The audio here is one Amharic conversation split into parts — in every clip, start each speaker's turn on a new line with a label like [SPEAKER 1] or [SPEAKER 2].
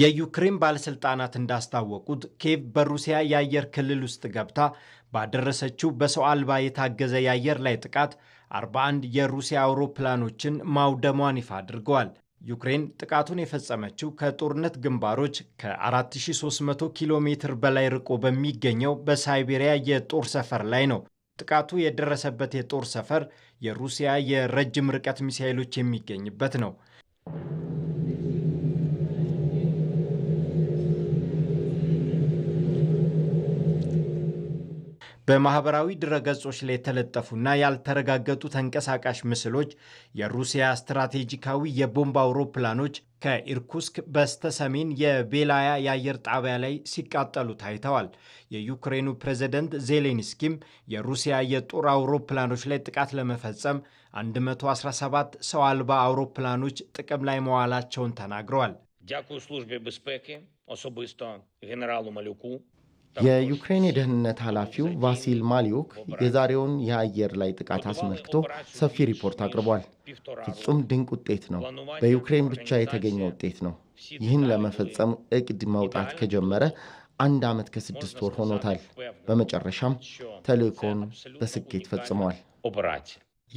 [SPEAKER 1] የዩክሬን ባለሥልጣናት እንዳስታወቁት ኬቭ በሩሲያ የአየር ክልል ውስጥ ገብታ ባደረሰችው በሰው አልባ የታገዘ የአየር ላይ ጥቃት 41 የሩሲያ አውሮፕላኖችን ማውደሟን ይፋ አድርገዋል። ዩክሬን ጥቃቱን የፈጸመችው ከጦርነት ግንባሮች ከ4300 ኪሎ ሜትር በላይ ርቆ በሚገኘው በሳይቤሪያ የጦር ሰፈር ላይ ነው። ጥቃቱ የደረሰበት የጦር ሰፈር የሩሲያ የረጅም ርቀት ሚሳይሎች የሚገኝበት ነው። በማህበራዊ ድረገጾች ላይ የተለጠፉና ያልተረጋገጡ ተንቀሳቃሽ ምስሎች የሩሲያ ስትራቴጂካዊ የቦምብ አውሮፕላኖች ከኢርኩስክ በስተሰሜን የቤላያ የአየር ጣቢያ ላይ ሲቃጠሉ ታይተዋል። የዩክሬኑ ፕሬዝደንት ዜሌንስኪም የሩሲያ የጦር አውሮፕላኖች ላይ ጥቃት ለመፈጸም 117 ሰው አልባ አውሮፕላኖች ጥቅም ላይ መዋላቸውን ተናግረዋል።
[SPEAKER 2] የዩክሬን የደህንነት ኃላፊው ቫሲል ማሊዮክ የዛሬውን የአየር ላይ ጥቃት አስመልክቶ ሰፊ ሪፖርት አቅርቧል። ፍጹም ድንቅ ውጤት ነው። በዩክሬን ብቻ የተገኘ ውጤት ነው። ይህን ለመፈጸም እቅድ መውጣት ከጀመረ አንድ ዓመት ከስድስት ወር ሆኖታል። በመጨረሻም ተልእኮን በስኬት ፈጽመዋል።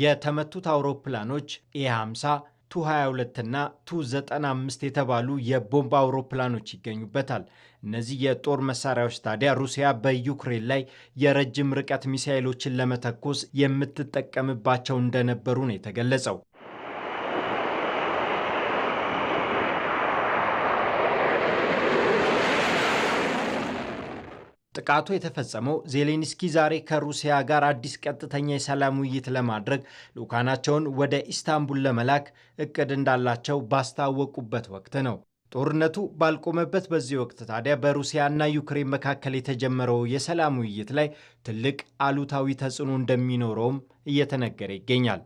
[SPEAKER 1] የተመቱት አውሮፕላኖች ኤ50 ቱ22 እና ቱ95 የተባሉ የቦምብ አውሮፕላኖች ይገኙበታል። እነዚህ የጦር መሳሪያዎች ታዲያ ሩሲያ በዩክሬን ላይ የረጅም ርቀት ሚሳይሎችን ለመተኮስ የምትጠቀምባቸው እንደነበሩ ነው የተገለጸው። ጥቃቱ የተፈጸመው ዜሌንስኪ ዛሬ ከሩሲያ ጋር አዲስ ቀጥተኛ የሰላም ውይይት ለማድረግ ልዑካናቸውን ወደ ኢስታንቡል ለመላክ እቅድ እንዳላቸው ባስታወቁበት ወቅት ነው። ጦርነቱ ባልቆመበት በዚህ ወቅት ታዲያ በሩሲያና ዩክሬን መካከል የተጀመረው የሰላም ውይይት ላይ ትልቅ አሉታዊ ተጽዕኖ እንደሚኖረውም እየተነገረ ይገኛል።